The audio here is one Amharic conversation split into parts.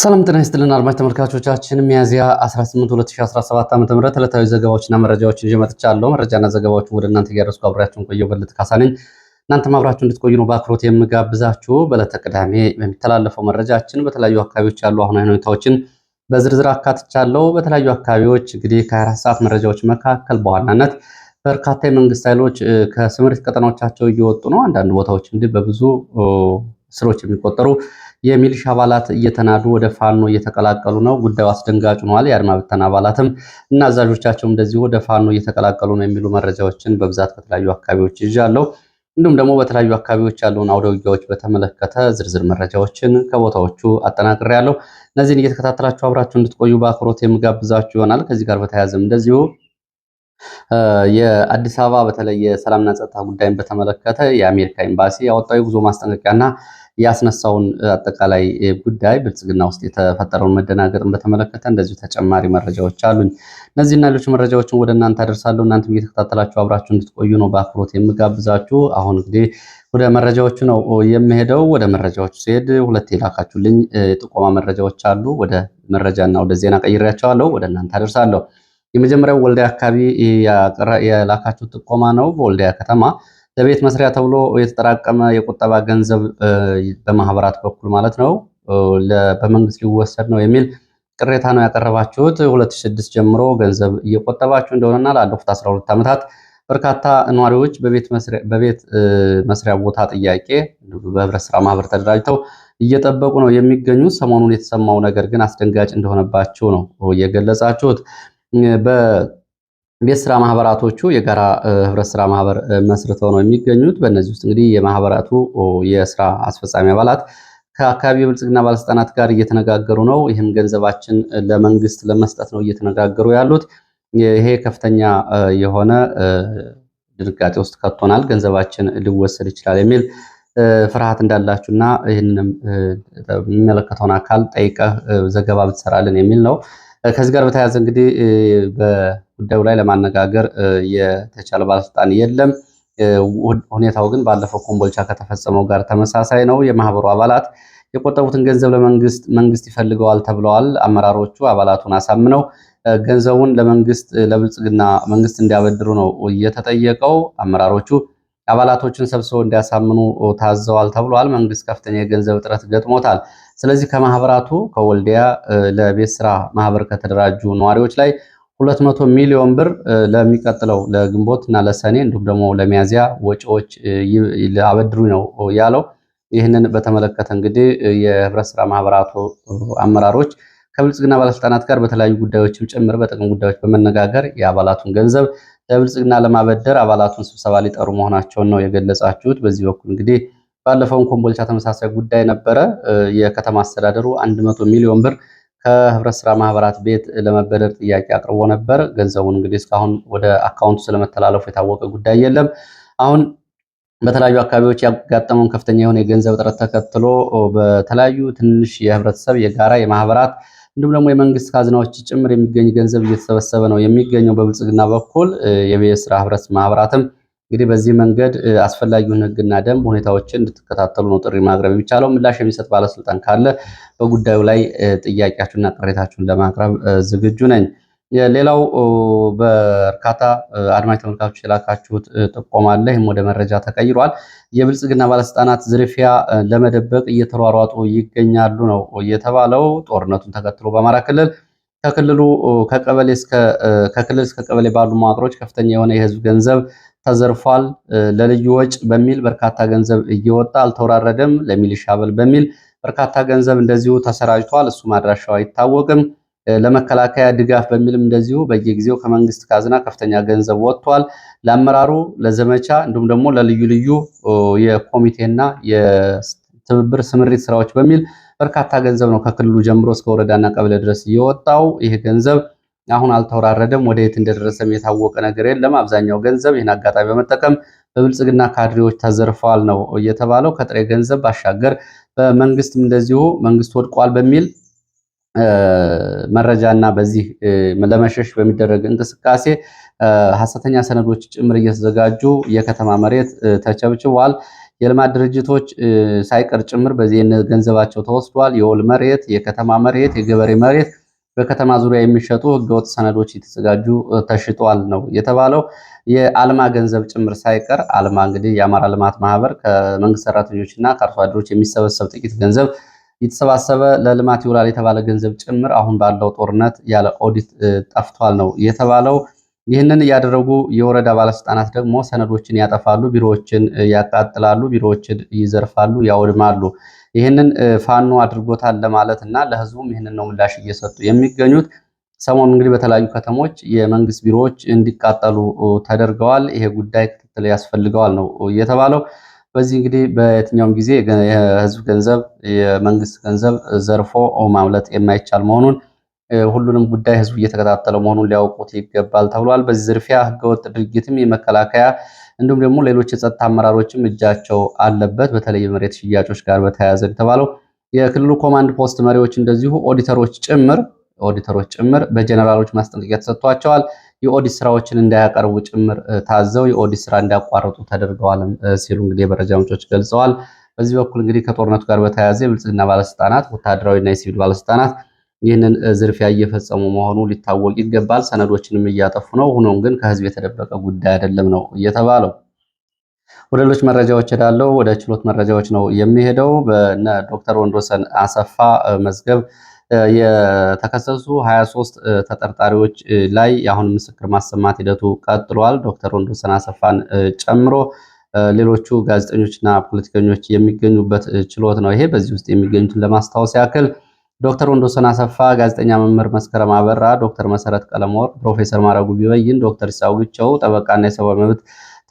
ሰላም ጤና ይስጥልን አድማጭ ተመልካቾቻችን፣ ሚያዝያ 18 2017 ዓ.ም ዕለታዊ ዘገባዎችና መረጃዎችን ይዤ መጥቻለሁ። መረጃና ዘገባዎችን ወደ እናንተ እያደረስኩ አብሬያችሁን ቆየሁ። በልጥ ካሳነኝ፣ ነኝ። እናንተም አብራችሁ እንድትቆዩ ነው በአክብሮት የምጋብዛችሁ። በዕለተ ቅዳሜ በሚተላለፈው መረጃችን በተለያዩ አካባቢዎች ያሉ አሁናዊ ሁኔታዎችን በዝርዝር አካትቻለሁ። በተለያዩ አካባቢዎች እንግዲህ ከ24 ሰዓት መረጃዎች መካከል በዋናነት በርካታ የመንግስት ኃይሎች ከስምሪት ቀጠናዎቻቸው እየወጡ ነው። አንዳንድ ቦታዎች እንግዲህ በብዙ ስሮች የሚቆጠሩ የሚሊሻ አባላት እየተናዱ ወደ ፋኖ እየተቀላቀሉ ነው። ጉዳዩ አስደንጋጭ ሆኗል። የአድማ ብተና አባላትም እና አዛዦቻቸውም እንደዚሁ ወደ ፋኖ እየተቀላቀሉ ነው የሚሉ መረጃዎችን በብዛት ከተለያዩ አካባቢዎች ይዣለሁ። እንዲሁም ደግሞ በተለያዩ አካባቢዎች ያለውን አውደ ውጊያዎች በተመለከተ ዝርዝር መረጃዎችን ከቦታዎቹ ያለው። እነዚህን እየተከታተላችሁ አብራችሁ እንድትቆዩ በአክብሮት የምጋብዛችሁ ይሆናል። ከዚህ ጋር በተያያዘም እንደዚሁ የአዲስ አበባ በተለይ የሰላምና ጸጥታ ጉዳይን በተመለከተ የአሜሪካ ኤምባሲ ያወጣው የጉዞ ማስጠንቀቂያና ያስነሳውን አጠቃላይ ጉዳይ ብልጽግና ውስጥ የተፈጠረውን መደናገጥን በተመለከተ እንደዚሁ ተጨማሪ መረጃዎች አሉኝ። እነዚህና ሌሎች መረጃዎችን ወደ እናንተ አደርሳለሁ። እናንተም እየተከታተላችሁ አብራችሁ እንድትቆዩ ነው በአክብሮት የምጋብዛችሁ። አሁን እንግዲህ ወደ መረጃዎቹ ነው የምሄደው። ወደ መረጃዎቹ ሲሄድ ሁለት የላካችሁልኝ የጥቆማ መረጃዎች አሉ። ወደ መረጃና ወደ ዜና ቀይሬያቸዋለሁ። ወደ እናንተ አደርሳለሁ። የመጀመሪያው ወልዲያ አካባቢ የላካችሁ ጥቆማ ነው። በወልዲያ ከተማ ለቤት መስሪያ ተብሎ የተጠራቀመ የቁጠባ ገንዘብ በማህበራት በኩል ማለት ነው በመንግስት ሊወሰድ ነው የሚል ቅሬታ ነው ያቀረባችሁት። 2006 ጀምሮ ገንዘብ እየቆጠባችሁ እንደሆነና ላለፉት 12 ዓመታት በርካታ ነዋሪዎች በቤት መስሪያ ቦታ ጥያቄ በህብረት ስራ ማህበር ተደራጅተው እየጠበቁ ነው የሚገኙት። ሰሞኑን የተሰማው ነገር ግን አስደንጋጭ እንደሆነባችሁ ነው የገለጻችሁት። ቤት ስራ ማህበራቶቹ የጋራ ህብረት ስራ ማህበር መስርተው ነው የሚገኙት። በእነዚህ ውስጥ እንግዲህ የማህበራቱ የስራ አስፈጻሚ አባላት ከአካባቢ የብልጽግና ባለስልጣናት ጋር እየተነጋገሩ ነው። ይህም ገንዘባችን ለመንግስት ለመስጠት ነው እየተነጋገሩ ያሉት። ይሄ ከፍተኛ የሆነ ድንጋጤ ውስጥ ከቶናል፣ ገንዘባችን ሊወሰድ ይችላል የሚል ፍርሃት እንዳላችሁ እና ይህንም የሚመለከተውን አካል ጠይቀህ ዘገባ ብትሰራልን የሚል ነው። ከዚህ ጋር በተያያዘ እንግዲህ በጉዳዩ ላይ ለማነጋገር የተቻለ ባለስልጣን የለም። ሁኔታው ግን ባለፈው ኮምቦልቻ ከተፈጸመው ጋር ተመሳሳይ ነው። የማህበሩ አባላት የቆጠቡትን ገንዘብ ለመንግስት መንግስት ይፈልገዋል ተብለዋል። አመራሮቹ አባላቱን አሳምነው ገንዘቡን ለመንግስት ለብልጽግና መንግስት እንዲያበድሩ ነው እየተጠየቀው። አመራሮቹ አባላቶችን ሰብስበው እንዲያሳምኑ ታዘዋል ተብለዋል። መንግስት ከፍተኛ የገንዘብ እጥረት ገጥሞታል። ስለዚህ ከማህበራቱ ከወልዲያ ለቤት ስራ ማህበር ከተደራጁ ነዋሪዎች ላይ 200 ሚሊዮን ብር ለሚቀጥለው ለግንቦት እና ለሰኔ እንዲሁም ደግሞ ለሚያዚያ ወጪዎች አበድሩ ነው ያለው። ይህንን በተመለከተ እንግዲህ የህብረት ስራ ማህበራቱ አመራሮች ከብልጽግና ባለስልጣናት ጋር በተለያዩ ጉዳዮችም ጭምር በጥቅም ጉዳዮች በመነጋገር የአባላቱን ገንዘብ ለብልጽግና ለማበደር አባላቱን ስብሰባ ሊጠሩ መሆናቸውን ነው የገለጻችሁት። በዚህ በኩል እንግዲህ ባለፈውን ኮምቦልቻ ተመሳሳይ ጉዳይ ነበረ። የከተማ አስተዳደሩ 100 ሚሊዮን ብር ከህብረት ስራ ማህበራት ቤት ለመበደር ጥያቄ አቅርቦ ነበር። ገንዘቡን እንግዲህ እስካሁን ወደ አካውንቱ ስለመተላለፉ የታወቀ ጉዳይ የለም። አሁን በተለያዩ አካባቢዎች ያጋጠመውን ከፍተኛ የሆነ የገንዘብ እጥረት ተከትሎ በተለያዩ ትንሽ የህብረተሰብ የጋራ የማህበራት እንዲሁም ደግሞ የመንግስት ካዝናዎች ጭምር የሚገኝ ገንዘብ እየተሰበሰበ ነው የሚገኘው በብልጽግና በኩል የቤት ስራ ህብረት ማህበራትም እንግዲህ በዚህ መንገድ አስፈላጊውን ህግና ደንብ ሁኔታዎችን እንድትከታተሉ ነው ጥሪ ማቅረብ የሚቻለው። ምላሽ የሚሰጥ ባለስልጣን ካለ በጉዳዩ ላይ ጥያቄያችሁና ቅሬታችሁን ለማቅረብ ዝግጁ ነኝ። ሌላው በርካታ አድማጭ ተመልካቾች የላካችሁት ጥቆማ አለ። ይህም ወደ መረጃ ተቀይሯል። የብልጽግና ባለስልጣናት ዝርፊያ ለመደበቅ እየተሯሯጡ ይገኛሉ ነው የተባለው። ጦርነቱን ተከትሎ በአማራ ክልል ከክልሉ ከቀበሌ እስከ ከክልል እስከ ቀበሌ ባሉ መዋቅሮች ከፍተኛ የሆነ የህዝብ ገንዘብ ተዘርፏል፣ ለልዩ ወጭ በሚል በርካታ ገንዘብ እየወጣ አልተወራረደም፣ ለሚሊሻ አበል በሚል በርካታ ገንዘብ እንደዚሁ ተሰራጅቷል እሱ ማድራሻው አይታወቅም። ለመከላከያ ድጋፍ በሚልም እንደዚሁ በየጊዜው ከመንግስት ካዝና ከፍተኛ ገንዘብ ወጥቷል። ለአመራሩ ለዘመቻ እንዲሁም ደግሞ ለልዩ ልዩ የኮሚቴና የትብብር ስምሪት ስራዎች በሚል በርካታ ገንዘብ ነው ከክልሉ ጀምሮ እስከ ወረዳና ቀበሌ ድረስ እየወጣው ይህ ገንዘብ አሁን አልተወራረደም፣ ወደ የት እንደደረሰም የታወቀ ነገር የለም። አብዛኛው ገንዘብ ይህን አጋጣሚ በመጠቀም በብልጽግና ካድሬዎች ተዘርፈዋል ነው እየተባለው። ከጥሬ ገንዘብ ባሻገር በመንግስትም እንደዚሁ መንግስት ወድቋል በሚል መረጃና በዚህ ለመሸሽ በሚደረግ እንቅስቃሴ ሀሰተኛ ሰነዶች ጭምር እየተዘጋጁ የከተማ መሬት ተቸብችቧል። የልማት ድርጅቶች ሳይቀር ጭምር በዚህ ገንዘባቸው ተወስዷል። የወል መሬት፣ የከተማ መሬት፣ የገበሬ መሬት በከተማ ዙሪያ የሚሸጡ ህገወጥ ሰነዶች የተዘጋጁ ተሽጧል ነው የተባለው። የአልማ ገንዘብ ጭምር ሳይቀር አልማ እንግዲህ የአማራ ልማት ማህበር ከመንግስት ሰራተኞች እና ከአርሶ አደሮች የሚሰበሰብ ጥቂት ገንዘብ የተሰባሰበ ለልማት ይውላል የተባለ ገንዘብ ጭምር አሁን ባለው ጦርነት ያለ ኦዲት ጠፍቷል ነው የተባለው። ይህንን እያደረጉ የወረዳ ባለስልጣናት ደግሞ ሰነዶችን ያጠፋሉ፣ ቢሮዎችን ያቃጥላሉ፣ ቢሮዎችን ይዘርፋሉ፣ ያወድማሉ። ይህንን ፋኖ አድርጎታል ለማለት እና ለህዝቡም ይህንን ነው ምላሽ እየሰጡ የሚገኙት። ሰሞኑ እንግዲህ በተለያዩ ከተሞች የመንግስት ቢሮዎች እንዲቃጠሉ ተደርገዋል። ይሄ ጉዳይ ክትትል ያስፈልገዋል ነው እየተባለው። በዚህ እንግዲህ በየትኛውም ጊዜ የህዝብ ገንዘብ፣ የመንግስት ገንዘብ ዘርፎ ማምለጥ የማይቻል መሆኑን ሁሉንም ጉዳይ ህዝቡ እየተከታተለ መሆኑን ሊያውቁት ይገባል ተብሏል። በዚህ ዝርፊያ ህገወጥ ድርጊትም የመከላከያ እንዲሁም ደግሞ ሌሎች የጸጥታ አመራሮችም እጃቸው አለበት። በተለይ የመሬት ሽያጮች ጋር በተያያዘ የተባለው የክልሉ ኮማንድ ፖስት መሪዎች እንደዚሁ ኦዲተሮች ጭምር ኦዲተሮች ጭምር በጀነራሎች ማስጠንቀቂያ ተሰጥቷቸዋል። የኦዲት ስራዎችን እንዳያቀርቡ ጭምር ታዘው የኦዲት ስራ እንዲያቋርጡ ተደርገዋል ሲሉ እንግዲህ የመረጃ ምንጮች ገልጸዋል። በዚህ በኩል እንግዲህ ከጦርነቱ ጋር በተያያዘ የብልጽግና ባለስልጣናት ወታደራዊና የሲቪል ባለስልጣናት ይህንን ዝርፊያ እየፈጸሙ መሆኑ ሊታወቅ ይገባል። ሰነዶችንም እያጠፉ ነው። ሆኖም ግን ከህዝብ የተደበቀ ጉዳይ አይደለም ነው እየተባለው። ወደ ሌሎች መረጃዎች ሄዳለው። ወደ ችሎት መረጃዎች ነው የሚሄደው። በነ ዶክተር ወንዶሰን አሰፋ መዝገብ የተከሰሱ 23 ተጠርጣሪዎች ላይ አሁን ምስክር ማሰማት ሂደቱ ቀጥሏል። ዶክተር ወንዶሰን አሰፋን ጨምሮ ሌሎቹ ጋዜጠኞችና ፖለቲከኞች የሚገኙበት ችሎት ነው ይሄ። በዚህ ውስጥ የሚገኙትን ለማስታወስ ያክል ዶክተር ወንዶሰን አሰፋ፣ ጋዜጠኛ መምህር መስከረም አበራ፣ ዶክተር መሰረት ቀለመወርቅ፣ ፕሮፌሰር ማረጉ ቢበይን፣ ዶክተር ይሳው ግቸው፣ ጠበቃና የሰብአዊ መብት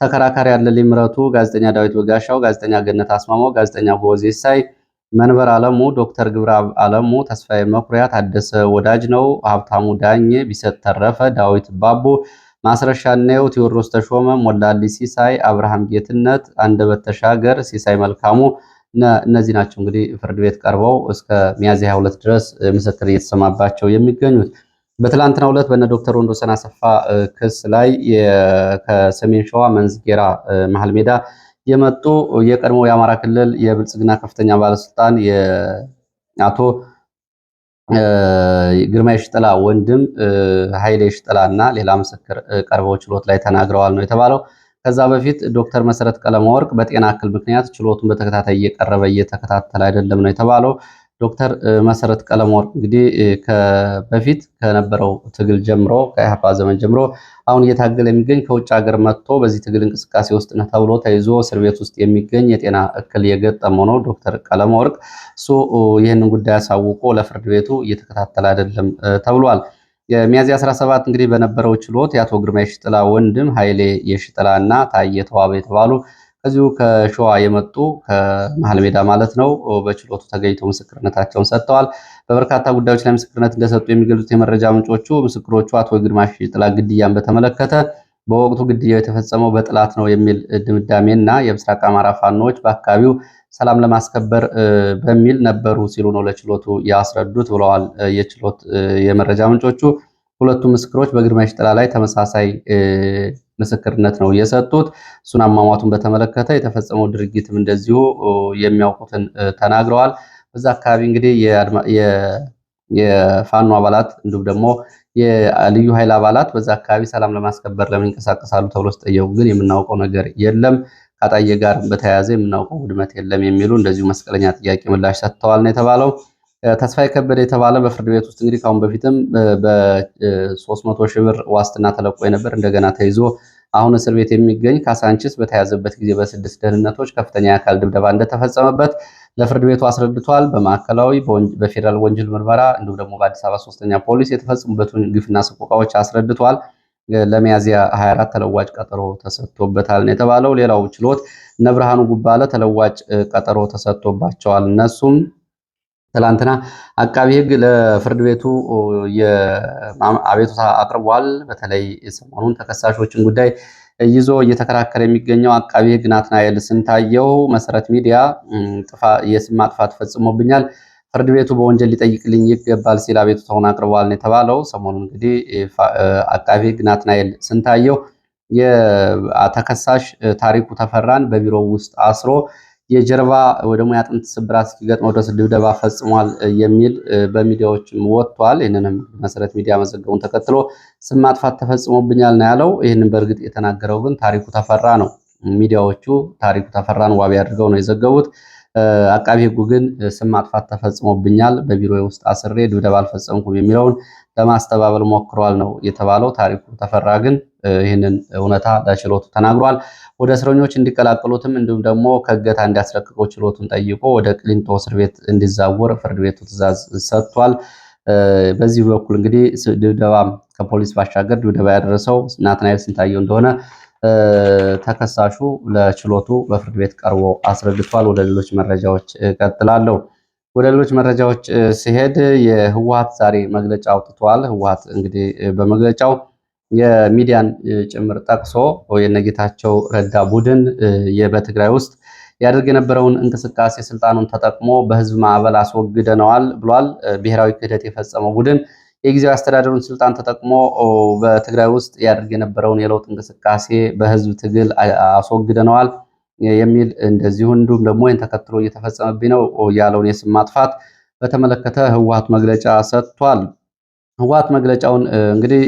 ተከራካሪ ያለልኝ ምረቱ፣ ጋዜጠኛ ዳዊት በጋሻው፣ ጋዜጠኛ ገነት አስማማው፣ ጋዜጠኛ ጎዜ ሳይ፣ መንበር አለሙ፣ ዶክተር ግብረ አለሙ፣ ተስፋዬ መኩሪያ፣ ታደሰ ወዳጅ ነው፣ ሀብታሙ ዳኜ፣ ቢሰጥ ተረፈ፣ ዳዊት ባቡ ማስረሻ ነው ቴዎድሮስ ተሾመ፣ ሞላሊ ሲሳይ፣ አብርሃም ጌትነት፣ አንደበት ተሻገር፣ ሲሳይ መልካሙ እነዚህ ናቸው እንግዲህ ፍርድ ቤት ቀርበው እስከ ሚያዝያ 22 ድረስ ምስክር እየተሰማባቸው የሚገኙት። በትላንትናው ዕለት በነ ዶክተር ወንዶሰን አሰፋ ክስ ላይ ከሰሜን ሸዋ መንዝጌራ መሀል ሜዳ የመጡ የቀድሞ የአማራ ክልል የብልጽግና ከፍተኛ ባለስልጣን የአቶ ግርማ የሽጥላ ወንድም ኃይሌ የሽጥላ እና ሌላ ምስክር ቀርበው ችሎት ላይ ተናግረዋል ነው የተባለው። ከዛ በፊት ዶክተር መሰረት ቀለመወርቅ በጤና እክል ምክንያት ችሎቱን በተከታታይ እየቀረበ እየተከታተለ አይደለም ነው የተባለው። ዶክተር መሰረት ቀለመወርቅ እንግዲህ በፊት ከነበረው ትግል ጀምሮ ከኢህአፓ ዘመን ጀምሮ አሁን እየታገለ የሚገኝ ከውጭ ሀገር መጥቶ በዚህ ትግል እንቅስቃሴ ውስጥ ነው ተብሎ ተይዞ እስር ቤት ውስጥ የሚገኝ የጤና እክል የገጠመው ነው ዶክተር ቀለመወርቅ። እሱ ይህንን ጉዳይ አሳውቆ ለፍርድ ቤቱ እየተከታተለ አይደለም ተብሏል። የሚያዚያ 17 እንግዲህ በነበረው ችሎት የአቶ ግርማ የሽጥላ ወንድም ኃይሌ የሽጥላ እና ታየ ተዋበ የተባሉ ከዚሁ ከሸዋ የመጡ ከመሀል ሜዳ ማለት ነው በችሎቱ ተገኝተው ምስክርነታቸውን ሰጥተዋል። በበርካታ ጉዳዮች ላይ ምስክርነት እንደሰጡ የሚገልጹት የመረጃ ምንጮቹ ምስክሮቹ አቶ ግርማ የሽጥላ ግድያን በተመለከተ በወቅቱ ግድያው የተፈጸመው በጥላት ነው የሚል ድምዳሜ እና የምስራቅ አማራ ፋኖዎች በአካባቢው ሰላም ለማስከበር በሚል ነበሩ ሲሉ ነው ለችሎቱ ያስረዱት ብለዋል የችሎት የመረጃ ምንጮቹ። ሁለቱ ምስክሮች በግርማሽ ጥላ ላይ ተመሳሳይ ምስክርነት ነው የሰጡት። እሱን አሟሟቱን በተመለከተ የተፈጸመው ድርጊትም እንደዚሁ የሚያውቁትን ተናግረዋል። በዛ አካባቢ እንግዲህ የፋኖ አባላት እንዲሁም ደግሞ የልዩ ኃይል አባላት በዛ አካባቢ ሰላም ለማስከበር ለምን ይንቀሳቀሳሉ ተብሎ ሲጠየቁ ግን የምናውቀው ነገር የለም ከአጣዬ ጋር በተያያዘ የምናውቀው ውድመት የለም የሚሉ እንደዚሁ መስቀለኛ ጥያቄ ምላሽ ሰጥተዋል ነው የተባለው። ተስፋዬ ከበደ የተባለ በፍርድ ቤት ውስጥ እንግዲህ ከአሁን በፊትም በ300 ሺህ ብር ዋስትና ተለቆ የነበር እንደገና ተይዞ አሁን እስር ቤት የሚገኝ ካሳንቺስ በተያዘበት ጊዜ በስድስት ደህንነቶች ከፍተኛ የአካል ድብደባ እንደተፈጸመበት ለፍርድ ቤቱ አስረድቷል። በማዕከላዊ በፌዴራል ወንጀል ምርመራ እንዲሁም ደግሞ በአዲስ አበባ ሶስተኛ ፖሊስ የተፈጸሙበትን ግፍና ስቆቃዎች አስረድቷል። ለሚያዚያ 24 ተለዋጭ ቀጠሮ ተሰጥቶበታል ነው የተባለው። ሌላው ችሎት እነ ብርሃኑ ጉባለ ተለዋጭ ቀጠሮ ተሰጥቶባቸዋል። እነሱም ትላንትና አቃቢ ሕግ ለፍርድ ቤቱ አቤቱታ አቅርቧል። በተለይ ሰሞኑን ተከሳሾችን ጉዳይ ይዞ እየተከራከረ የሚገኘው አቃቢ ሕግ ናትናኤል ስንታየው መሰረት ሚዲያ የስም ማጥፋት ፈጽሞብኛል ፍርድ ቤቱ በወንጀል ሊጠይቅልኝ ይገባል ሲል አቤቱታውን አቅርቧል ነው የተባለው። ሰሞኑን እንግዲህ አቃቢ ሕግ ናትናኤል ስንታየው የተከሳሽ ታሪኩ ተፈራን በቢሮው ውስጥ አስሮ የጀርባ ወይ ደግሞ የአጥንት ስብራት እስኪገጥመው ድረስ ድብደባ ፈጽሟል የሚል በሚዲያዎችም ወጥቷል። ይህንንም መሰረት ሚዲያ መዘገቡን ተከትሎ ስም ማጥፋት ተፈጽሞብኛል ነው ያለው። ይህንን በእርግጥ የተናገረው ግን ታሪኩ ተፈራ ነው። ሚዲያዎቹ ታሪኩ ተፈራን ዋቢ አድርገው ነው የዘገቡት። አቃቢ ህጉ ግን ስም ማጥፋት ተፈጽሞብኛል፣ በቢሮ ውስጥ አስሬ ድብደባ አልፈጸምኩም የሚለውን ለማስተባበል ሞክሯል ነው የተባለው። ታሪኩ ተፈራ ግን ይህንን እውነታ ለችሎቱ ተናግሯል። ወደ እስረኞች እንዲቀላቀሉትም እንዲሁም ደግሞ ከእገታ እንዲያስለቅቀው ችሎቱን ጠይቆ ወደ ቅሊንጦ እስር ቤት እንዲዛወር ፍርድ ቤቱ ትዕዛዝ ሰጥቷል። በዚህ በኩል እንግዲህ ድብደባ ከፖሊስ ባሻገር ድብደባ ያደረሰው ናትናኤል ስንታየው እንደሆነ ተከሳሹ ለችሎቱ በፍርድ ቤት ቀርቦ አስረድቷል። ወደ ሌሎች መረጃዎች ቀጥላለሁ። ወደ ሌሎች መረጃዎች ሲሄድ የህወሀት ዛሬ መግለጫ አውጥቷል። ህወሀት እንግዲህ በመግለጫው የሚዲያን ጭምር ጠቅሶ የነጌታቸው ረዳ ቡድን በትግራይ ውስጥ ያደርግ የነበረውን እንቅስቃሴ ስልጣኑን ተጠቅሞ በህዝብ ማዕበል አስወግደነዋል ብሏል። ብሔራዊ ክህደት የፈጸመው ቡድን የጊዜው አስተዳደሩን ስልጣን ተጠቅሞ በትግራይ ውስጥ ያደርግ የነበረውን የለውጥ እንቅስቃሴ በህዝብ ትግል አስወግደነዋል የሚል እንደዚሁ እንዲሁም ደግሞ ይህን ተከትሎ እየተፈጸመብኝ ነው ያለውን የስም ማጥፋት በተመለከተ ህወሓት መግለጫ ሰጥቷል። ህወሓት መግለጫውን እንግዲህ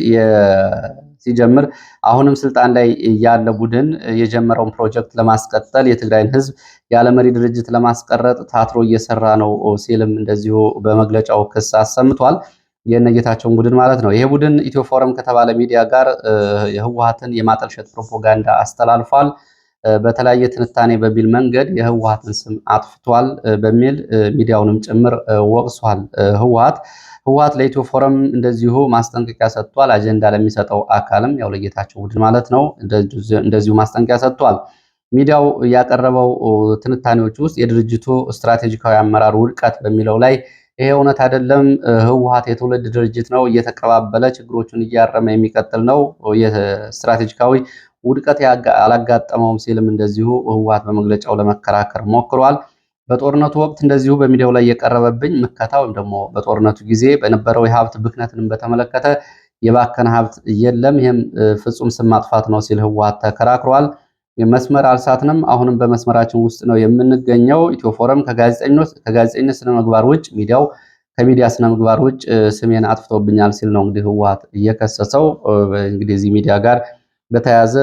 ሲጀምር አሁንም ስልጣን ላይ ያለ ቡድን የጀመረውን ፕሮጀክት ለማስቀጠል የትግራይን ህዝብ ያለመሪ ድርጅት ለማስቀረጥ ታትሮ እየሰራ ነው ሲልም እንደዚሁ በመግለጫው ክስ አሰምቷል። የነጌታቸውን ቡድን ማለት ነው። ይሄ ቡድን ኢትዮ ፎረም ከተባለ ሚዲያ ጋር የህወሀትን የማጠልሸት ፕሮፓጋንዳ አስተላልፏል። በተለያየ ትንታኔ በሚል መንገድ የህወሀትን ስም አጥፍቷል በሚል ሚዲያውንም ጭምር ወቅሷል። ህወሀት ህወሀት ለኢትዮ ፎረም እንደዚሁ ማስጠንቀቂያ ሰጥቷል። አጀንዳ ለሚሰጠው አካልም ያው ለጌታቸው ቡድን ማለት ነው እንደዚሁ ማስጠንቀቂያ ሰጥቷል። ሚዲያው ያቀረበው ትንታኔዎች ውስጥ የድርጅቱ ስትራቴጂካዊ አመራር ውድቀት በሚለው ላይ ይሄ እውነት አይደለም። ህወሓት የትውልድ ድርጅት ነው፣ እየተቀባበለ ችግሮቹን እያረመ የሚቀጥል ነው። ስትራቴጂካዊ ውድቀት አላጋጠመውም ሲልም እንደዚሁ ህወሓት በመግለጫው ለመከራከር ሞክሯል። በጦርነቱ ወቅት እንደዚሁ በሚዲያው ላይ የቀረበብኝ ምከታ ወይም ደግሞ በጦርነቱ ጊዜ በነበረው የሀብት ብክነትንም በተመለከተ የባከነ ሀብት የለም፣ ይህም ፍጹም ስም ማጥፋት ነው ሲል ህወሓት ተከራክሯል። የመስመር አልሳትንም አሁንም በመስመራችን ውስጥ ነው የምንገኘው። ኢትዮ ኢትዮፎረም ከጋዜጠኝነት ምግባር ውጭ ሚዲያው ከሚዲያ ስነ ምግባር ውጭ ስሜን አጥፍቶብኛል ሲል ነው እንግዲህ ህወሓት እየከሰሰው። እንግዲህ እዚህ ሚዲያ ጋር በተያያዘ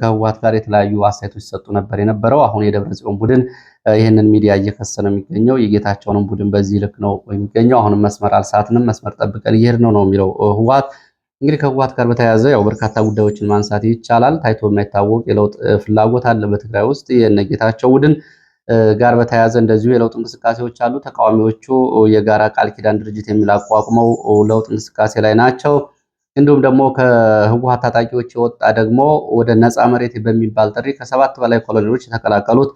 ከህወሓት ጋር የተለያዩ አስተያየቶች ሲሰጡ ነበር የነበረው። አሁን የደብረ ጽዮን ቡድን ይህንን ሚዲያ እየከሰሰ ነው የሚገኘው። የጌታቸውንም ቡድን በዚህ ልክ ነው የሚገኘው። አሁንም መስመር አልሳትንም መስመር ጠብቀን እየሄድን ነው ነው የሚለው ህወሓት እንግዲህ ከህወሓት ጋር በተያያዘ ያው በርካታ ጉዳዮችን ማንሳት ይቻላል። ታይቶ የማይታወቅ የለውጥ ፍላጎት አለ በትግራይ ውስጥ የነጌታቸው ቡድን ጋር በተያያዘ እንደዚሁ የለውጥ እንቅስቃሴዎች አሉ። ተቃዋሚዎቹ የጋራ ቃል ኪዳን ድርጅት የሚል አቋቁመው ለውጥ እንቅስቃሴ ላይ ናቸው። እንዲሁም ደግሞ ከህወሓት ታጣቂዎች የወጣ ደግሞ ወደ ነፃ መሬት በሚባል ጥሪ ከሰባት በላይ ኮሎኔሎች የተቀላቀሉት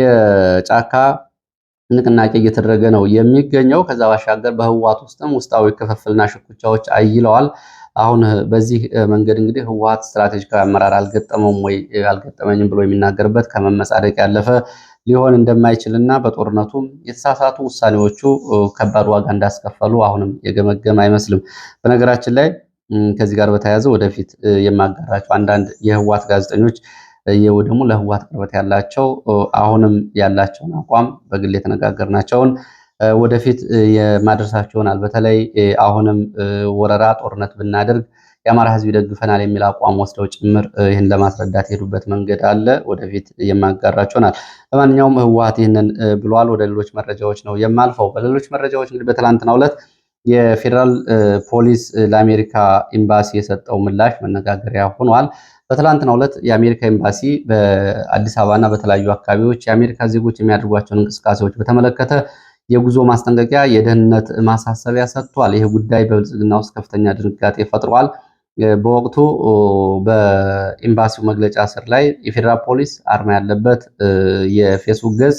የጫካ ንቅናቄ እየተደረገ ነው የሚገኘው። ከዛ ባሻገር በህወሓት ውስጥም ውስጣዊ ክፍፍልና ሽኩቻዎች አይለዋል። አሁን በዚህ መንገድ እንግዲህ ህወሀት ስትራቴጂካዊ አመራር አልገጠመውም ወይ አልገጠመኝም ብሎ የሚናገርበት ከመመጻደቅ ያለፈ ሊሆን እንደማይችልና በጦርነቱ የተሳሳቱ ውሳኔዎቹ ከባድ ዋጋ እንዳስከፈሉ አሁንም የገመገም አይመስልም። በነገራችን ላይ ከዚህ ጋር በተያያዘ ወደፊት የማጋራቸው አንዳንድ የህወሀት ጋዜጠኞች ይኸው ደግሞ ለህወሀት ቅርበት ያላቸው አሁንም ያላቸውን አቋም በግል የተነጋገርናቸውን ወደፊት የማድረሳቸው ይሆናል። በተለይ አሁንም ወረራ ጦርነት ብናደርግ የአማራ ህዝብ ይደግፈናል የሚል አቋም ወስደው ጭምር ይህን ለማስረዳት የሄዱበት መንገድ አለ። ወደፊት የማጋራቸው ናል። ለማንኛውም ህወሓት ይህንን ብሏል። ወደ ሌሎች መረጃዎች ነው የማልፈው። በሌሎች መረጃዎች እንግዲህ በትላንትናው ዕለት የፌዴራል ፖሊስ ለአሜሪካ ኤምባሲ የሰጠው ምላሽ መነጋገሪያ ሆኗል። በትላንትናው ዕለት የአሜሪካ ኤምባሲ በአዲስ አበባና በተለያዩ አካባቢዎች የአሜሪካ ዜጎች የሚያደርጓቸውን እንቅስቃሴዎች በተመለከተ የጉዞ ማስጠንቀቂያ፣ የደህንነት ማሳሰቢያ ሰጥቷል። ይህ ጉዳይ በብልጽግና ውስጥ ከፍተኛ ድንጋጤ ፈጥሯል። በወቅቱ በኤምባሲው መግለጫ ስር ላይ የፌዴራል ፖሊስ አርማ ያለበት የፌስቡክ ገጽ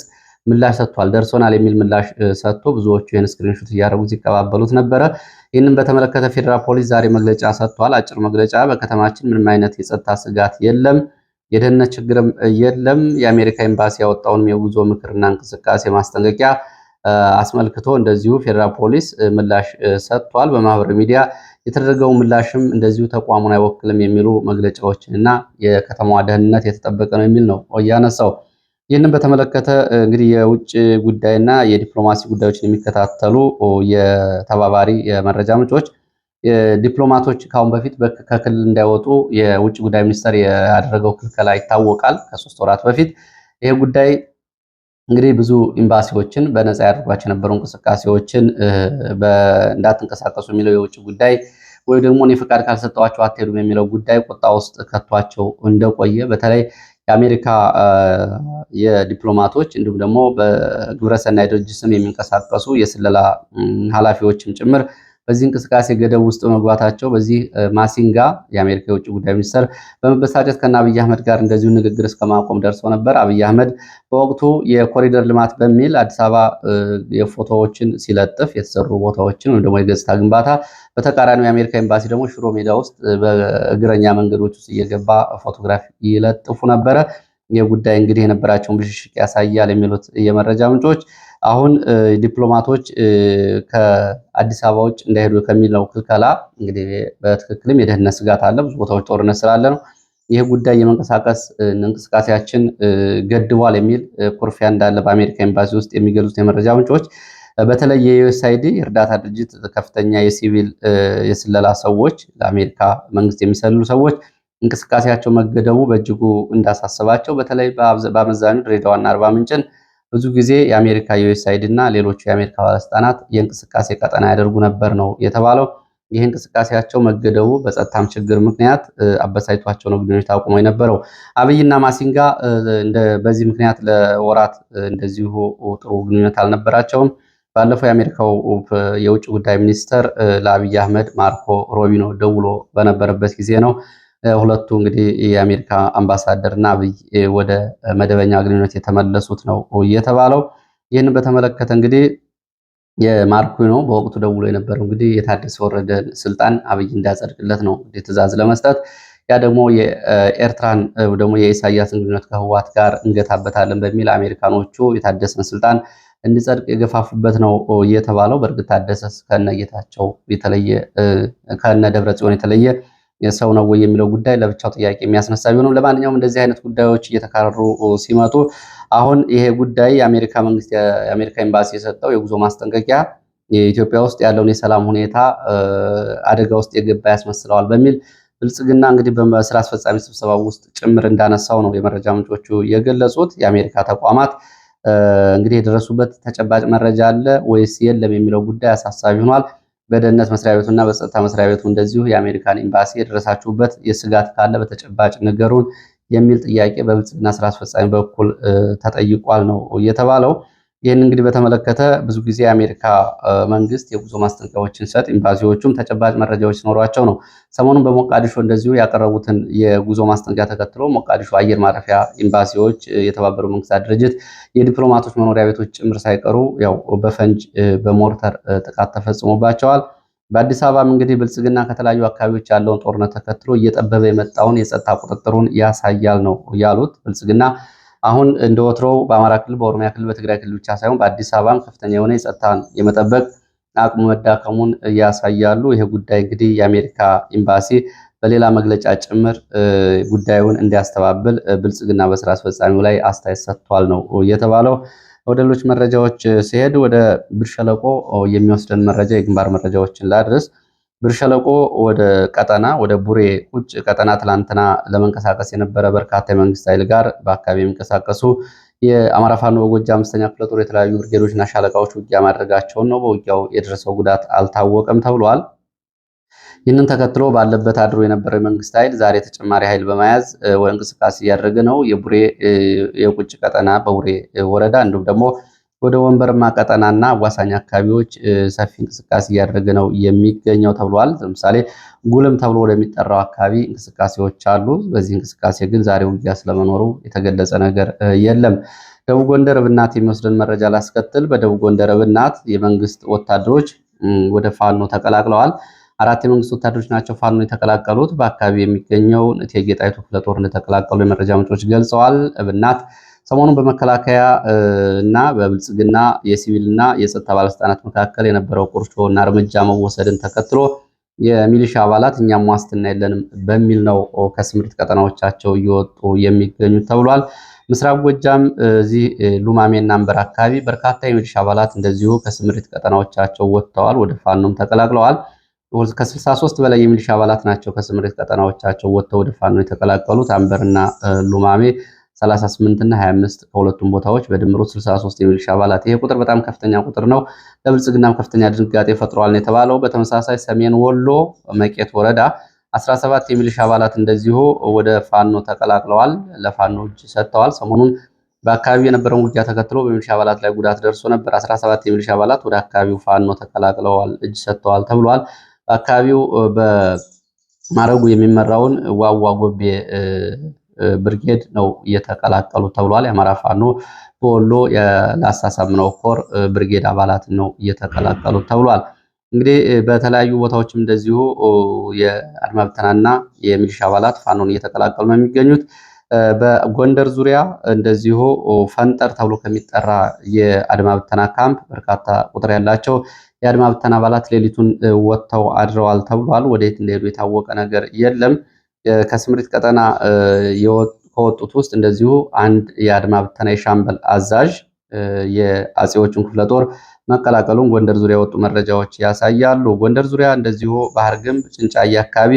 ምላሽ ሰጥቷል። ደርሶናል የሚል ምላሽ ሰጥቶ ብዙዎቹ ይህን ስክሪንሾት እያደረጉት ሲቀባበሉት ነበረ። ይህንን በተመለከተ ፌዴራል ፖሊስ ዛሬ መግለጫ ሰጥቷል። አጭር መግለጫ፣ በከተማችን ምንም አይነት የጸጥታ ስጋት የለም፣ የደህንነት ችግርም የለም። የአሜሪካ ኤምባሲ ያወጣውን የጉዞ ምክርና እንቅስቃሴ ማስጠንቀቂያ አስመልክቶ እንደዚሁ ፌዴራል ፖሊስ ምላሽ ሰጥቷል። በማህበራዊ ሚዲያ የተደረገው ምላሽም እንደዚሁ ተቋሙን አይወክልም የሚሉ መግለጫዎችን እና የከተማዋ ደህንነት የተጠበቀ ነው የሚል ነው ያነሳው። ይህንን በተመለከተ እንግዲህ የውጭ ጉዳይና የዲፕሎማሲ ጉዳዮችን የሚከታተሉ የተባባሪ የመረጃ ምንጮች ዲፕሎማቶች ከአሁን በፊት ከክልል እንዳይወጡ የውጭ ጉዳይ ሚኒስቴር ያደረገው ክልከላ ይታወቃል። ከሶስት ወራት በፊት ይሄ ጉዳይ እንግዲህ ብዙ ኤምባሲዎችን በነፃ ያደርጓቸው የነበሩ እንቅስቃሴዎችን እንዳትንቀሳቀሱ የሚለው የውጭ ጉዳይ ወይም ደግሞ እኔ ፈቃድ ካልሰጠዋቸው አትሄዱም የሚለው ጉዳይ ቁጣ ውስጥ ከቷቸው እንደቆየ በተለይ የአሜሪካ የዲፕሎማቶች እንዲሁም ደግሞ በግብረሰናይ ድርጅት ስም የሚንቀሳቀሱ የስለላ ኃላፊዎችም ጭምር በዚህ እንቅስቃሴ ገደብ ውስጥ መግባታቸው በዚህ ማሲንጋ የአሜሪካ የውጭ ጉዳይ ሚኒስትር በመበሳጨት ከና አብይ አህመድ ጋር እንደዚሁ ንግግር እስከ ማቆም ደርሰው ነበር። አብይ አህመድ በወቅቱ የኮሪደር ልማት በሚል አዲስ አበባ የፎቶዎችን ሲለጥፍ የተሰሩ ቦታዎችን ወይም ደግሞ የገጽታ ግንባታ በተቃራኒ የአሜሪካ ኤምባሲ ደግሞ ሽሮ ሜዳ ውስጥ በእግረኛ መንገዶች ውስጥ እየገባ ፎቶግራፍ ይለጥፉ ነበረ። ጉዳይ እንግዲህ የነበራቸውን ብሽሽቅ ያሳያል የሚሉት የመረጃ ምንጮች አሁን ዲፕሎማቶች ከአዲስ አበባ ውጭ እንዳይሄዱ ከሚለው ክልከላ እንግዲህ በትክክልም የደህንነት ስጋት አለ። ብዙ ቦታዎች ጦርነት ስላለ ነው። ይህ ጉዳይ የመንቀሳቀስ እንቅስቃሴያችን ገድቧል የሚል ኩርፊያ እንዳለ በአሜሪካ ኤምባሲ ውስጥ የሚገልጹት የመረጃ ምንጮች በተለይ የዩኤስአይዲ የእርዳታ ድርጅት ከፍተኛ የሲቪል የስለላ ሰዎች ለአሜሪካ መንግስት የሚሰልሉ ሰዎች እንቅስቃሴያቸው መገደቡ በእጅጉ እንዳሳሰባቸው በተለይ በአመዛኙ ድሬዳዋና አርባ ምንጭን ብዙ ጊዜ የአሜሪካ ዩኤስአይዲ እና ሌሎቹ የአሜሪካ ባለስልጣናት የእንቅስቃሴ ቀጠና ያደርጉ ነበር ነው የተባለው። ይህ እንቅስቃሴያቸው መገደቡ በጸጥታም ችግር ምክንያት አበሳይቷቸው ነው ግንኙነት አቁሞ የነበረው። አብይና ማሲንጋ በዚህ ምክንያት ለወራት እንደዚሁ ጥሩ ግንኙነት አልነበራቸውም። ባለፈው የአሜሪካው የውጭ ጉዳይ ሚኒስተር ለአብይ አህመድ ማርኮ ሮቢኖ ደውሎ በነበረበት ጊዜ ነው ሁለቱ እንግዲህ የአሜሪካ አምባሳደር እና አብይ ወደ መደበኛ ግንኙነት የተመለሱት ነው እየተባለው። ይህን በተመለከተ እንግዲህ የማርኩኖ በወቅቱ ደውሎ የነበረው እንግዲህ የታደሰ ወረደን ስልጣን አብይ እንዳያጸድቅለት ነው እንግዲህ ትእዛዝ ለመስጠት ያ ደግሞ የኤርትራን ደግሞ የኢሳያስን ግንኙነት ከህዋት ጋር እንገታበታለን በሚል አሜሪካኖቹ የታደሰን ስልጣን እንዲጸድቅ የገፋፉበት ነው እየተባለው። በእርግጥ ታደሰ ከነ ጌታቸው የተለየ ከነ ደብረ ጽዮን የተለየ ሰው ነው ወይ የሚለው ጉዳይ ለብቻው ጥያቄ የሚያስነሳ ቢሆንም ለማንኛውም እንደዚህ አይነት ጉዳዮች እየተካረሩ ሲመጡ አሁን ይሄ ጉዳይ የአሜሪካ መንግስት የአሜሪካ ኤምባሲ የሰጠው የጉዞ ማስጠንቀቂያ የኢትዮጵያ ውስጥ ያለውን የሰላም ሁኔታ አደጋ ውስጥ የገባ ያስመስለዋል በሚል ብልጽግና እንግዲህ በስራ አስፈጻሚ ስብሰባ ውስጥ ጭምር እንዳነሳው ነው የመረጃ ምንጮቹ የገለጹት። የአሜሪካ ተቋማት እንግዲህ የደረሱበት ተጨባጭ መረጃ አለ ወይስ የለም የሚለው ጉዳይ አሳሳቢ ሆኗል። በደህንነት መስሪያ ቤቱና በጸጥታ መስሪያ ቤቱ እንደዚሁ የአሜሪካን ኤምባሲ የደረሳችሁበት የስጋት ካለ በተጨባጭ ነገሩን የሚል ጥያቄ በብልጽግና ስራ አስፈጻሚ በኩል ተጠይቋል ነው የተባለው። ይህን እንግዲህ በተመለከተ ብዙ ጊዜ የአሜሪካ መንግስት የጉዞ ማስጠንቀቂያዎችን ሰጥ ኤምባሲዎቹም ተጨባጭ መረጃዎች ሲኖሯቸው ነው። ሰሞኑን በሞቃዲሾ እንደዚሁ ያቀረቡትን የጉዞ ማስጠንቀቂያ ተከትሎ ሞቃዲሾ አየር ማረፊያ ኤምባሲዎች፣ የተባበሩ መንግስታት ድርጅት የዲፕሎማቶች መኖሪያ ቤቶች ጭምር ሳይቀሩ ያው በፈንጅ በሞርተር ጥቃት ተፈጽሞባቸዋል። በአዲስ አበባም እንግዲህ ብልጽግና ከተለያዩ አካባቢዎች ያለውን ጦርነት ተከትሎ እየጠበበ የመጣውን የጸጥታ ቁጥጥሩን ያሳያል ነው ያሉት ብልጽግና አሁን እንደ ወትሮው በአማራ ክልል፣ በኦሮሚያ ክልል፣ በትግራይ ክልል ብቻ ሳይሆን በአዲስ አበባም ከፍተኛ የሆነ የጸጥታን የመጠበቅ አቅሙ መዳከሙን ያሳያሉ። ይሄ ጉዳይ እንግዲህ የአሜሪካ ኤምባሲ በሌላ መግለጫ ጭምር ጉዳዩን እንዲያስተባብል ብልጽግና በስራ አስፈጻሚው ላይ አስተያየት ሰጥቷል ነው እየተባለው። ወደ ሌሎች መረጃዎች ሲሄድ ወደ ብር ሸለቆ የሚወስደን መረጃ የግንባር መረጃዎችን ላድርስ። ብር ሸለቆ ወደ ቀጠና ወደ ቡሬ ቁጭ ቀጠና ትላንትና ለመንቀሳቀስ የነበረ በርካታ የመንግስት ኃይል ጋር በአካባቢ የሚንቀሳቀሱ የአማራ ፋኖ በጎጃም አምስተኛ ክፍለ ጦር የተለያዩ ብርጌዶችና ሻለቃዎች ውጊያ ማድረጋቸውን ነው። በውጊያው የደረሰው ጉዳት አልታወቀም ተብሏል። ይህንን ተከትሎ ባለበት አድሮ የነበረው የመንግስት ኃይል ዛሬ ተጨማሪ ኃይል በመያዝ እንቅስቃሴ እያደረገ ነው። የቡሬ የቁጭ ቀጠና በቡሬ ወረዳ እንዲሁም ደግሞ ወደ ወንበርማ ቀጠናና አዋሳኝ አካባቢዎች ሰፊ እንቅስቃሴ እያደረገ ነው የሚገኘው ተብሏል። ለምሳሌ ጉልም ተብሎ ወደሚጠራው አካባቢ እንቅስቃሴዎች አሉ። በዚህ እንቅስቃሴ ግን ዛሬ ውጊያ ስለመኖሩ የተገለጸ ነገር የለም። ደቡብ ጎንደር ብናት የሚወስደን መረጃ ላስከትል። በደቡብ ጎንደር ብናት የመንግስት ወታደሮች ወደ ፋኖ ተቀላቅለዋል። አራት የመንግስት ወታደሮች ናቸው ፋኖ የተቀላቀሉት። በአካባቢ የሚገኘው እቴጌ ጣይቱ ክፍለ እንደተቀላቀሉ የመረጃ ምንጮች ገልጸዋል። ብናት ሰሞኑን በመከላከያ እና በብልጽግና የሲቪልና የጸጥታ ባለስልጣናት መካከል የነበረው ቁርሾ እና እርምጃ መወሰድን ተከትሎ የሚሊሻ አባላት እኛም ዋስትና የለንም በሚል ነው ከስምሪት ቀጠናዎቻቸው እየወጡ የሚገኙ ተብሏል። ምስራቅ ጎጃም እዚህ ሉማሜና አንበር አካባቢ በርካታ የሚሊሻ አባላት እንደዚሁ ከስምሪት ቀጠናዎቻቸው ወጥተዋል፣ ወደ ፋኖም ተቀላቅለዋል። ከ63 በላይ የሚሊሻ አባላት ናቸው ከስምሪት ቀጠናዎቻቸው ወጥተው ወደ ፋኖ የተቀላቀሉት አንበርና ሉማሜ 38 እና 25 ከሁለቱም ቦታዎች በድምሩ 63 የሚሊሻ አባላት። ይሄ ቁጥር በጣም ከፍተኛ ቁጥር ነው። ለብልጽግናም ከፍተኛ ድንጋጤ ፈጥሯል ነው የተባለው። በተመሳሳይ ሰሜን ወሎ መቄት ወረዳ 17 የሚሊሻ አባላት እንደዚሁ ወደ ፋኖ ተቀላቅለዋል፣ ለፋኖ እጅ ሰጥተዋል። ሰሞኑን በአካባቢው የነበረውን ውጊያ ተከትሎ በሚሊሻ አባላት ላይ ጉዳት ደርሶ ነበር። 17 የሚሊሻ አባላት ወደ አካባቢው ፋኖ ተቀላቅለዋል፣ እጅ ሰጥተዋል ተብሏል። በአካባቢው በማረጉ የሚመራውን ዋዋ ጎቤ ብርጌድ ነው እየተቀላቀሉ ተብሏል። የአማራ ፋኖ በወሎ የላሳሳምነው ኮር ብርጌድ አባላት ነው እየተቀላቀሉ ተብሏል። እንግዲህ በተለያዩ ቦታዎችም እንደዚሁ የአድማብተናና የሚሊሻ አባላት ፋኖን እየተቀላቀሉ ነው የሚገኙት። በጎንደር ዙሪያ እንደዚሁ ፈንጠር ተብሎ ከሚጠራ የአድማብተና ካምፕ በርካታ ቁጥር ያላቸው የአድማብተና አባላት ሌሊቱን ወጥተው አድረዋል ተብሏል። ወደት እንደሄዱ የታወቀ ነገር የለም። ከስምሪት ቀጠና ከወጡት ውስጥ እንደዚሁ አንድ የአድማ ብተና የሻምበል አዛዥ የአጼዎቹን ክፍለ ጦር መቀላቀሉን ጎንደር ዙሪያ የወጡ መረጃዎች ያሳያሉ። ጎንደር ዙሪያ እንደዚሁ ባህር ግንብ፣ ጭንጫዬ አካባቢ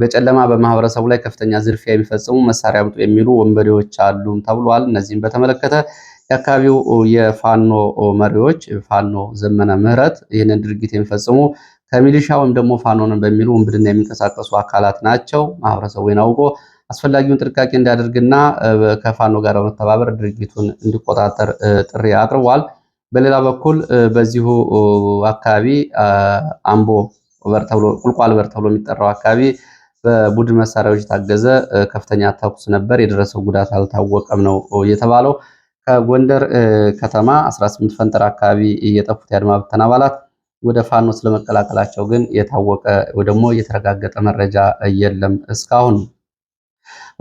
በጨለማ በማህበረሰቡ ላይ ከፍተኛ ዝርፊያ የሚፈጽሙ መሳሪያ ምጡ የሚሉ ወንበዴዎች አሉም ተብሏል። እነዚህም በተመለከተ የአካባቢው የፋኖ መሪዎች ፋኖ ዘመነ ምህረት ይህንን ድርጊት የሚፈጽሙ ከሚሊሻ ወይም ደግሞ ፋኖንን በሚሉ ውንብድና የሚንቀሳቀሱ አካላት ናቸው። ማህበረሰቡን አውቆ አስፈላጊውን ጥንቃቄ እንዲያደርግና ከፋኖ ጋር በመተባበር ድርጊቱን እንዲቆጣጠር ጥሪ አቅርቧል። በሌላ በኩል በዚሁ አካባቢ አምቦ በር ተብሎ ቁልቋል በር ተብሎ የሚጠራው አካባቢ በቡድን መሳሪያዎች የታገዘ ከፍተኛ ተኩስ ነበር። የደረሰው ጉዳት አልታወቀም ነው የተባለው። ከጎንደር ከተማ 18 ፈንጠር አካባቢ የጠፉት የአድማ ብተን አባላት ወደ ፋኖ ስለመቀላቀላቸው ግን የታወቀ ደግሞ የተረጋገጠ መረጃ የለም እስካሁን።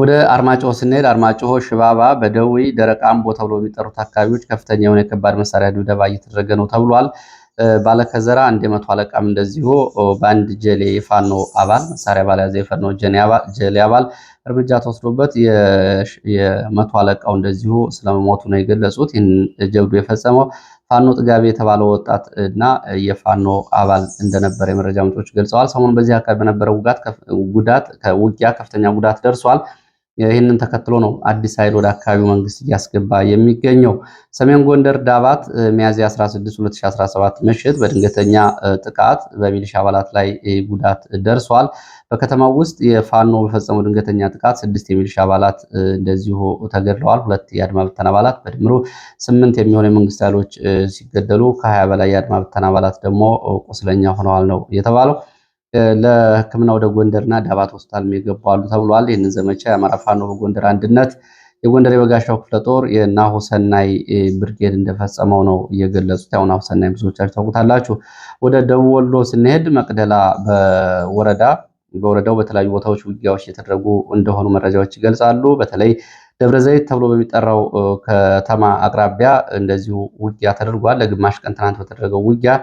ወደ አርማጭሆ ስንሄድ አርማጭሆ ሽባባ፣ በደዊ ደረቅ አምቦ ተብሎ የሚጠሩት አካባቢዎች ከፍተኛ የሆነ የከባድ መሳሪያ ድብደባ እየተደረገ ነው ተብሏል። ባለከዘራ አንድ የመቶ አለቃም እንደዚሁ በአንድ ጀሌ የፋኖ አባል መሳሪያ ባለያዘ የፋኖ ጀሌ አባል እርምጃ ተወስዶበት የመቶ አለቃው እንደዚሁ ስለመሞቱ ነው የገለጹት። ይህን ጀብዱ የፈጸመው ፋኖ ጥጋቤ የተባለው ወጣት እና የፋኖ አባል እንደነበረ የመረጃ ምንጮች ገልጸዋል። ሰሞኑን በዚህ አካባቢ በነበረው ጉዳት ከውጊያ ከፍተኛ ጉዳት ደርሷል። ይህንን ተከትሎ ነው አዲስ ኃይል ወደ አካባቢው መንግስት እያስገባ የሚገኘው። ሰሜን ጎንደር ዳባት ሚያዝያ 16 2017 ምሽት በድንገተኛ ጥቃት በሚሊሻ አባላት ላይ ጉዳት ደርሷል። በከተማው ውስጥ የፋኖ በፈጸመው ድንገተኛ ጥቃት ስድስት የሚሊሻ አባላት እንደዚሁ ተገድለዋል። ሁለት የአድማ ብተና አባላት በድምሩ ስምንት የሚሆኑ የመንግስት ኃይሎች ሲገደሉ ከሀያ በላይ የአድማ አባላት ደግሞ ቁስለኛ ሆነዋል ነው የተባለው። ለህክምና ወደ ጎንደርና ዳባት ሆስፒታል የገቡ አሉ ተብሏል። ይህንን ዘመቻ የአማራ ፋኖ በጎንደር አንድነት የጎንደር የበጋሻው ክፍለ ጦር የናሆሰናይ ብርጌድ እንደፈጸመው ነው እየገለጹት። ያው ናሆሰናይ ብዙዎቻችሁ ታውቁታላችሁ። ወደ ደቡብ ወሎ ስንሄድ መቅደላ በወረዳ በወረዳው በተለያዩ ቦታዎች ውጊያዎች እየተደረጉ እንደሆኑ መረጃዎች ይገልጻሉ። በተለይ ደብረ ዘይት ተብሎ በሚጠራው ከተማ አቅራቢያ እንደዚሁ ውጊያ ተደርጓል። ለግማሽ ቀን ትናንት በተደረገው ውጊያ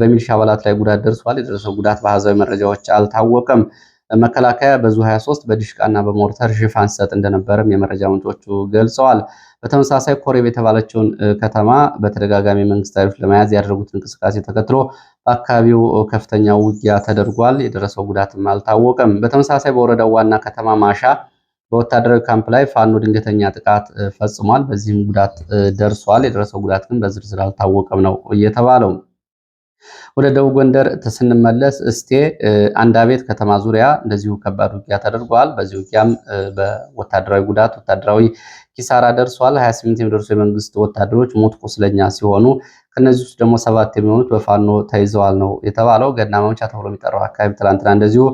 በሚሊሻ አባላት ላይ ጉዳት ደርሷል። የደረሰው ጉዳት በአሃዛዊ መረጃዎች አልታወቀም። መከላከያ በዙ 23 በዲሽቃና በሞርተር ሽፋን ሰጥ እንደነበረም የመረጃ ምንጮቹ ገልጸዋል። በተመሳሳይ ኮሬብ የተባለችውን ከተማ በተደጋጋሚ መንግስት ኃይሎች ለመያዝ ያደረጉት እንቅስቃሴ ተከትሎ በአካባቢው ከፍተኛ ውጊያ ተደርጓል። የደረሰው ጉዳትም አልታወቀም። በተመሳሳይ በወረዳው ዋና ከተማ ማሻ በወታደራዊ ካምፕ ላይ ፋኖ ድንገተኛ ጥቃት ፈጽሟል። በዚህም ጉዳት ደርሷል። የደረሰው ጉዳት ግን በዝርዝር አልታወቀም ነው እየተባለው ወደ ደቡብ ጎንደር ስንመለስ እስቴ አንዳቤት ከተማ ዙሪያ እንደዚሁ ከባድ ውጊያ ተደርጓል። በዚህ ውጊያም በወታደራዊ ጉዳት ወታደራዊ ኪሳራ ደርሷል። 28 የሚደርሱ የመንግስት ወታደሮች ሞት፣ ቁስለኛ ሲሆኑ ከነዚህ ውስጥ ደግሞ ሰባት የሚሆኑት በፋኖ ተይዘዋል ነው የተባለው። ገና መምቻ ተብሎ የሚጠራው አካባቢ ትላንትና እንደዚሁ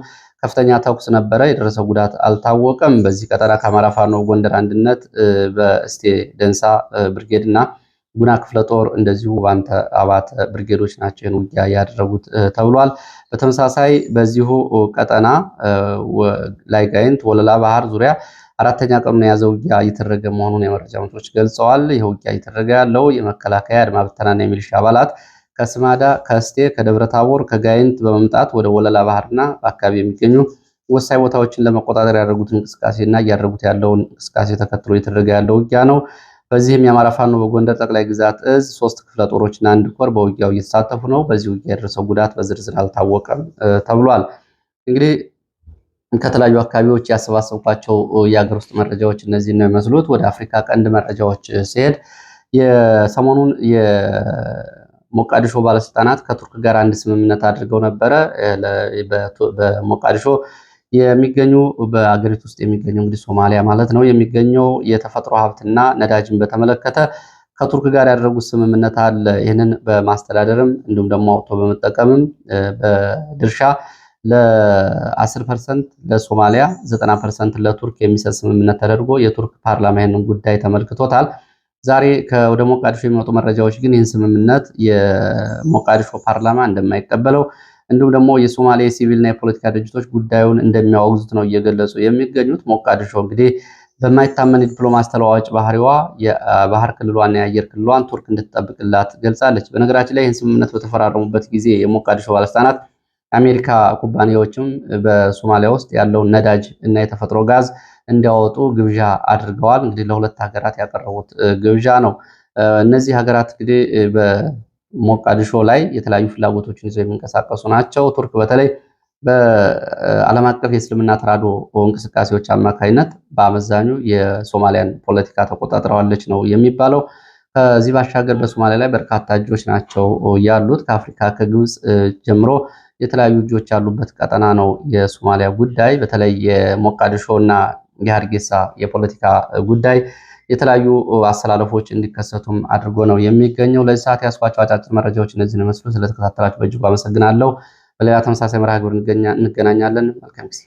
ከፍተኛ ተኩስ ነበረ። የደረሰው ጉዳት አልታወቀም። በዚህ ቀጠና ከአማራ ፋኖ ጎንደር አንድነት በእስቴ ደንሳ ብርጌድ እና ጉና ክፍለ ጦር እንደዚሁ አባተ ብርጌዶች ናቸው ይህን ውጊያ ያደረጉት ተብሏል። በተመሳሳይ በዚሁ ቀጠና ላይ ጋይንት፣ ወለላ ባህር ዙሪያ አራተኛ ቀኑን የያዘ ውጊያ እየተደረገ መሆኑን የመረጃ ምንጮች ገልጸዋል። ይህ ውጊያ እየተደረገ ያለው የመከላከያ አድማ ብተናና የሚሊሻ አባላት ከስማዳ፣ ከስቴ፣ ከደብረ ታቦር፣ ከጋይንት በመምጣት ወደ ወለላ ባህርና በአካባቢ የሚገኙ ወሳኝ ቦታዎችን ለመቆጣጠር ያደረጉት እንቅስቃሴና እያደረጉት ያለውን እንቅስቃሴ ተከትሎ እየተደረገ ያለው ውጊያ ነው። በዚህም የአማራ ፋኖ በጎንደር ጠቅላይ ግዛት እዝ ሶስት ክፍለ ጦሮችና አንድ ኮር በውጊያው እየተሳተፉ ነው። በዚህ ውጊያ የደረሰው ጉዳት በዝርዝር አልታወቀም ተብሏል። እንግዲህ ከተለያዩ አካባቢዎች ያሰባሰብኳቸው የሀገር ውስጥ መረጃዎች እነዚህ ነው የመስሉት። ወደ አፍሪካ ቀንድ መረጃዎች ሲሄድ የሰሞኑን የሞቃዲሾ ባለስልጣናት ከቱርክ ጋር አንድ ስምምነት አድርገው ነበረ በሞቃዲሾ የሚገኙ በአገሪቱ ውስጥ የሚገኘው እንግዲህ ሶማሊያ ማለት ነው የሚገኘው የተፈጥሮ ሀብትና ነዳጅን በተመለከተ ከቱርክ ጋር ያደረጉት ስምምነት አለ። ይህንን በማስተዳደርም እንዲሁም ደግሞ አውጥቶ በመጠቀምም በድርሻ ለ ለ10 ፐርሰንት ለሶማሊያ ዘጠና ፐርሰንት ለቱርክ የሚሰጥ ስምምነት ተደርጎ የቱርክ ፓርላማ ይህንን ጉዳይ ተመልክቶታል። ዛሬ ወደ ሞቃዲሾ የሚመጡ መረጃዎች ግን ይህን ስምምነት የሞቃዲሾ ፓርላማ እንደማይቀበለው እንዲሁም ደግሞ የሶማሌ ሲቪልና የፖለቲካ ድርጅቶች ጉዳዩን እንደሚያወግዙት ነው እየገለጹ የሚገኙት። ሞቃዲሾ እንግዲህ በማይታመን የዲፕሎማሲ ተለዋዋጭ ባህሪዋ የባህር ክልሏና የአየር ክልሏን ቱርክ እንድትጠብቅላት ገልጻለች። በነገራችን ላይ ይህን ስምምነት በተፈራረሙበት ጊዜ የሞቃዲሾ ባለስልጣናት የአሜሪካ ኩባንያዎችም በሶማሊያ ውስጥ ያለውን ነዳጅ እና የተፈጥሮ ጋዝ እንዲያወጡ ግብዣ አድርገዋል። እንግዲህ ለሁለት ሀገራት ያቀረቡት ግብዣ ነው። እነዚህ ሀገራት እንግዲህ ሞቃዲሾ ላይ የተለያዩ ፍላጎቶችን ይዘው የሚንቀሳቀሱ ናቸው። ቱርክ በተለይ በዓለም አቀፍ የእስልምና ተራዶ እንቅስቃሴዎች አማካኝነት በአመዛኙ የሶማሊያን ፖለቲካ ተቆጣጥረዋለች ነው የሚባለው። ከዚህ ባሻገር በሶማሊያ ላይ በርካታ እጆች ናቸው ያሉት። ከአፍሪካ ከግብፅ ጀምሮ የተለያዩ እጆች ያሉበት ቀጠና ነው የሶማሊያ ጉዳይ። በተለይ የሞቃዲሾ እና የሀርጌሳ የፖለቲካ ጉዳይ የተለያዩ አሰላለፎች እንዲከሰቱም አድርጎ ነው የሚገኘው። ለዚህ ሰዓት ያስኳቸው አጫጭር መረጃዎች እነዚህን መስሉ። ስለተከታተላችሁ በእጅጉ አመሰግናለሁ። በሌላ ተመሳሳይ መርሃ ግብር እንገናኛለን። መልካም ጊዜ